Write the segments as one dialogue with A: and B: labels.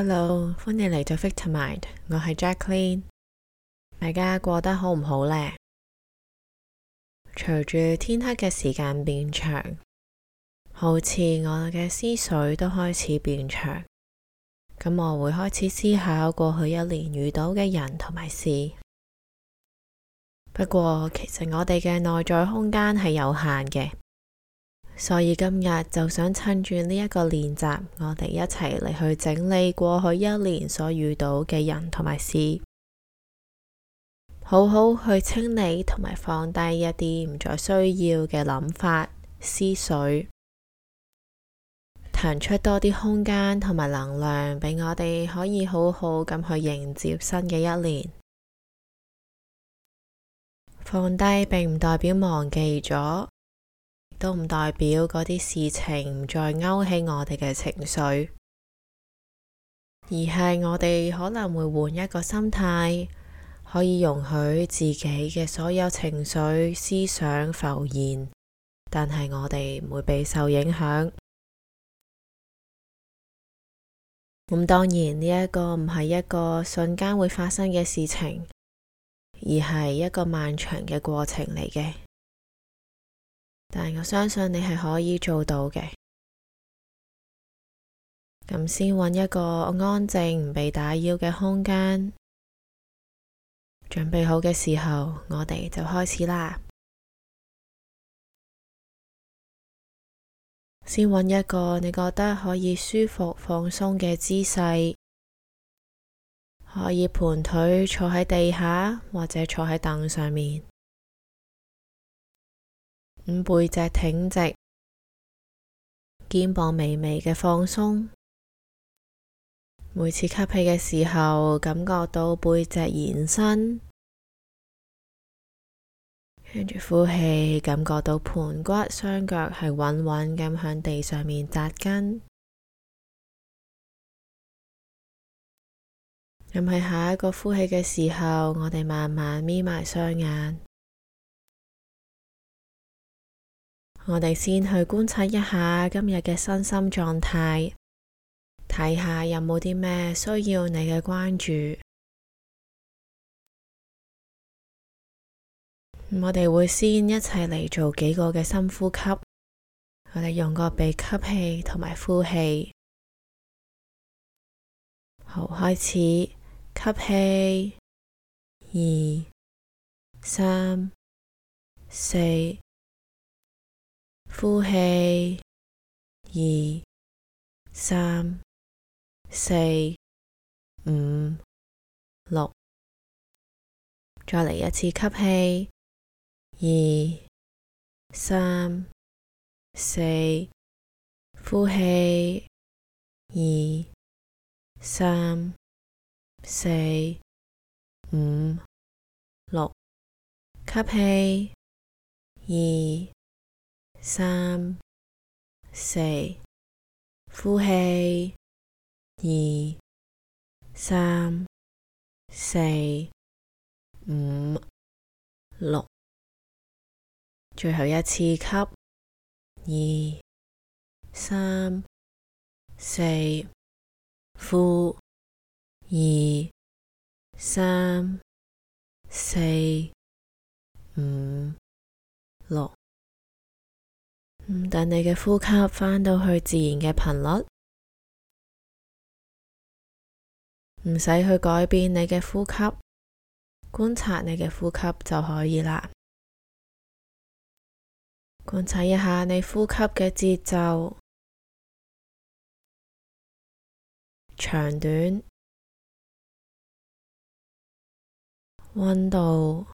A: hello，歡迎嚟到 f i c t o m i n d 我係 Jaclyn，k 大家過得好唔好呢？隨住天黑嘅時間變長，好似我嘅思緒都開始變長，咁我會開始思考過去一年遇到嘅人同埋事。不過其實我哋嘅內在空間係有限嘅。所以今日就想趁住呢一個練習，我哋一齊嚟，去整理過去一年所遇到嘅人同埋事，好好去清理同埋放低一啲唔再需要嘅諗法、思緒，騰出多啲空間同埋能量俾我哋可以好好咁去迎接新嘅一年。放低並唔代表忘記咗。都唔代表嗰啲事情唔再勾起我哋嘅情緒，而係我哋可能會換一個心態，可以容許自己嘅所有情緒、思想浮現，但係我哋唔會被受影響。咁當然呢一個唔係一個瞬間會發生嘅事情，而係一個漫長嘅過程嚟嘅。但係我相信你係可以做到嘅。咁先揾一個安靜唔被打擾嘅空
B: 間，準備好嘅時候，我哋就開始啦。先揾一個你覺得可以舒服放鬆嘅姿勢，
A: 可以盤腿坐喺地下，或者坐喺凳上面。
B: 五背脊挺直，肩膀微微嘅放鬆。每次吸氣嘅時候，
A: 感覺到背脊延伸，向住呼氣，感覺到盤骨、雙腳係穩穩咁響地上面
B: 扎根。又係下一個呼氣嘅時候，我哋慢慢眯埋雙眼。
A: 我哋先去觀察一下今日嘅
B: 身心狀態，睇下有冇啲咩需要你嘅關注。我哋會先一齊嚟做幾個嘅深呼吸，我哋用個鼻吸氣同埋呼氣。好，開始吸氣，二、三、四。呼氣，二、三、四、五、六。再嚟一次吸氣，二、三、四。呼氣，二、三、四、五、六。吸氣，二。三、四，呼氣。二、三、四、五、六，最後一次吸。二、三、四，呼。二、三、四、五、六。嗯，等你嘅呼吸翻到去自然嘅頻率，唔使去改變你嘅呼吸，觀察你嘅呼吸就可以啦。觀察一下你呼吸嘅節奏、長短、溫度。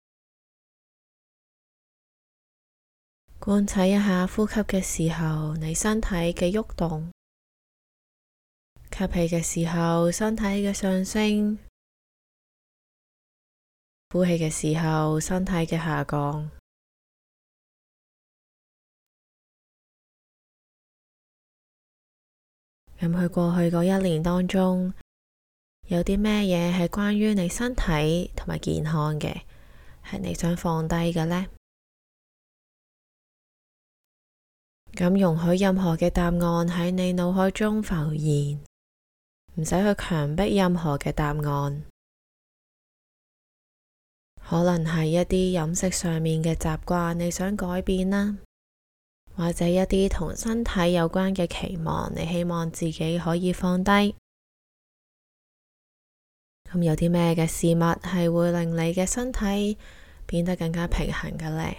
B: 觀察一下呼吸嘅時候，你身體嘅喐
A: 動；吸氣嘅時候，身體嘅上升；
B: 呼氣嘅時候，身體嘅下降。咁喺過去嗰一年當中，有啲咩嘢
A: 係關於你身體同埋健康嘅，係你想放低嘅呢？咁容許任何嘅答案喺你腦海中浮現，唔使去強迫任何嘅答案。可能係一啲飲食上面嘅習慣你想改變啦，或者一啲同身體有關嘅期望，你希望自己可以放低。咁
B: 有啲咩嘅事物係會令你嘅身體變得更加平衡嘅呢？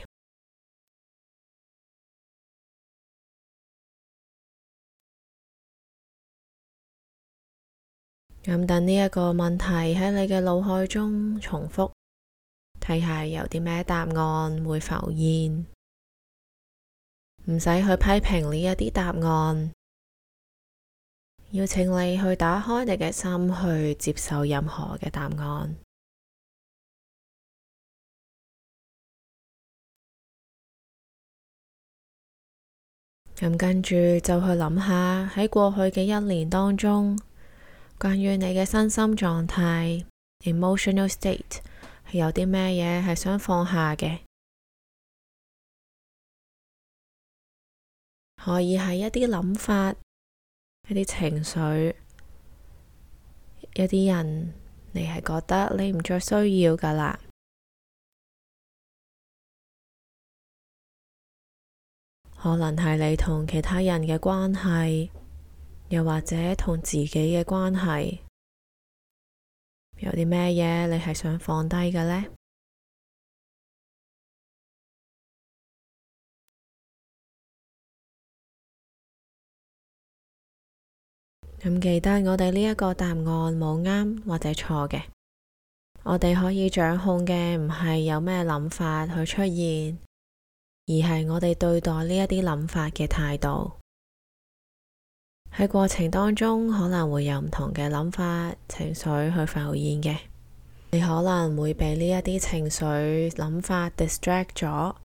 B: 咁等呢一個問題
A: 喺你嘅腦海中重複，睇下有啲咩答案會浮現，唔使去批評呢一啲答案，
B: 要請你去打開你嘅心去接受任何嘅答案。咁跟住就去諗下
A: 喺過去嘅一年當中。關於你嘅身心狀態 （emotional state），係有啲咩嘢係想放下嘅？
B: 可以係一啲諗法、一啲情緒、一啲人，你係覺得你唔再需要噶啦？可能係你同其他人嘅關係。
A: 又或者同自己嘅關係
B: 有啲咩嘢，你係想放低嘅呢？咁記得我哋呢一個答案冇啱或者錯
A: 嘅，我哋可以掌控嘅唔係有咩諗法去出現，而係我哋對待呢一啲諗法嘅態度。喺過程當中可能會有唔同嘅諗法、情緒去浮現嘅，你可能會被呢一啲情緒諗法 distract 咗，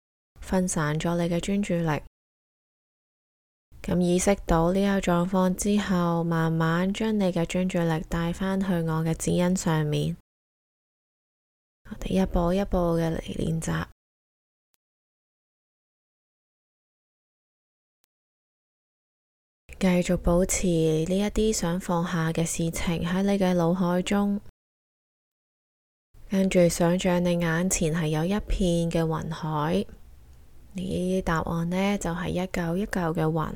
A: 分散咗你嘅專注力。咁意識到呢個狀況之後，慢慢將你嘅專注力帶返去我嘅指引上面，
B: 我哋一步一步嘅嚟練習。繼續保持呢一啲想放下嘅事情喺你嘅腦海中，
A: 跟住想象你眼前係有一片嘅雲海，呢啲答案呢就係一舊一舊嘅雲。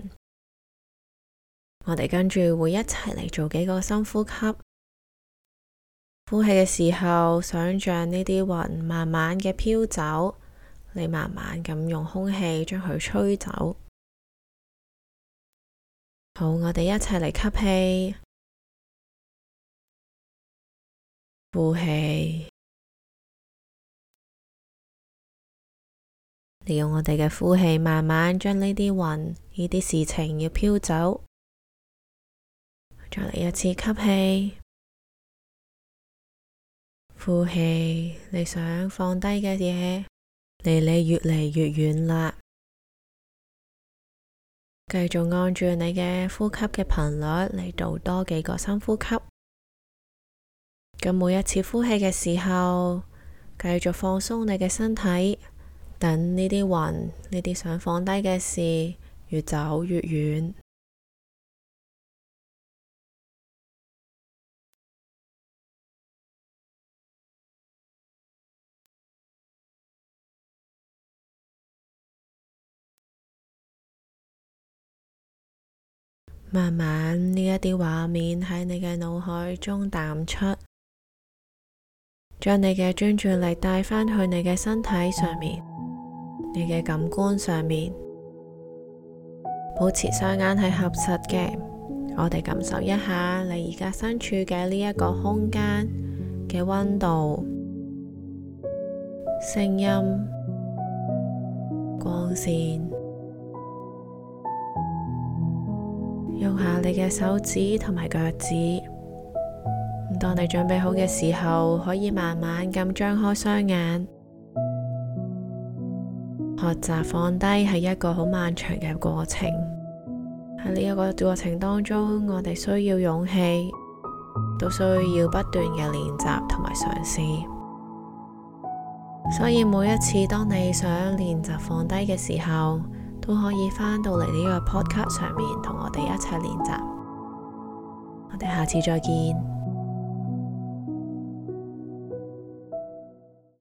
A: 我哋跟住會一齊嚟做幾個深呼吸，呼氣嘅時候，想象呢啲雲慢慢嘅飄走，你慢
B: 慢咁用空氣將佢吹走。好，我哋一齊嚟吸氣、呼氣，
A: 利用我哋嘅呼氣，慢慢將呢啲雲、呢啲事情要飄走。
B: 再嚟一次吸氣、呼氣，你想放低嘅嘢，離你越
A: 嚟越遠啦。繼續按住你嘅呼吸嘅頻率嚟做多幾個深呼吸。咁每一次呼氣嘅時候，繼續放鬆你嘅身體，等
B: 呢啲雲、呢啲想放低嘅事越走越遠。慢慢呢一啲畫面喺你嘅腦海中淡出。
A: 將你嘅專注力帶返去你嘅身體上面，你嘅感官上面，保持雙眼係合實嘅。我哋感受一下你而家身處嘅呢一個空間嘅溫度、聲音、光線。用下你嘅手指同埋腳趾。咁當你準備好嘅時候，可以慢慢咁張開雙眼。學習放低係一個好漫長嘅過程。喺呢個過程當中，我哋需要勇氣，都需要不斷嘅練習同埋嘗試。所以每一次當你想練習放低嘅時候，都可以返到嚟呢個 Podcast 上面，同我哋一齊
B: 練習，我哋下次再見。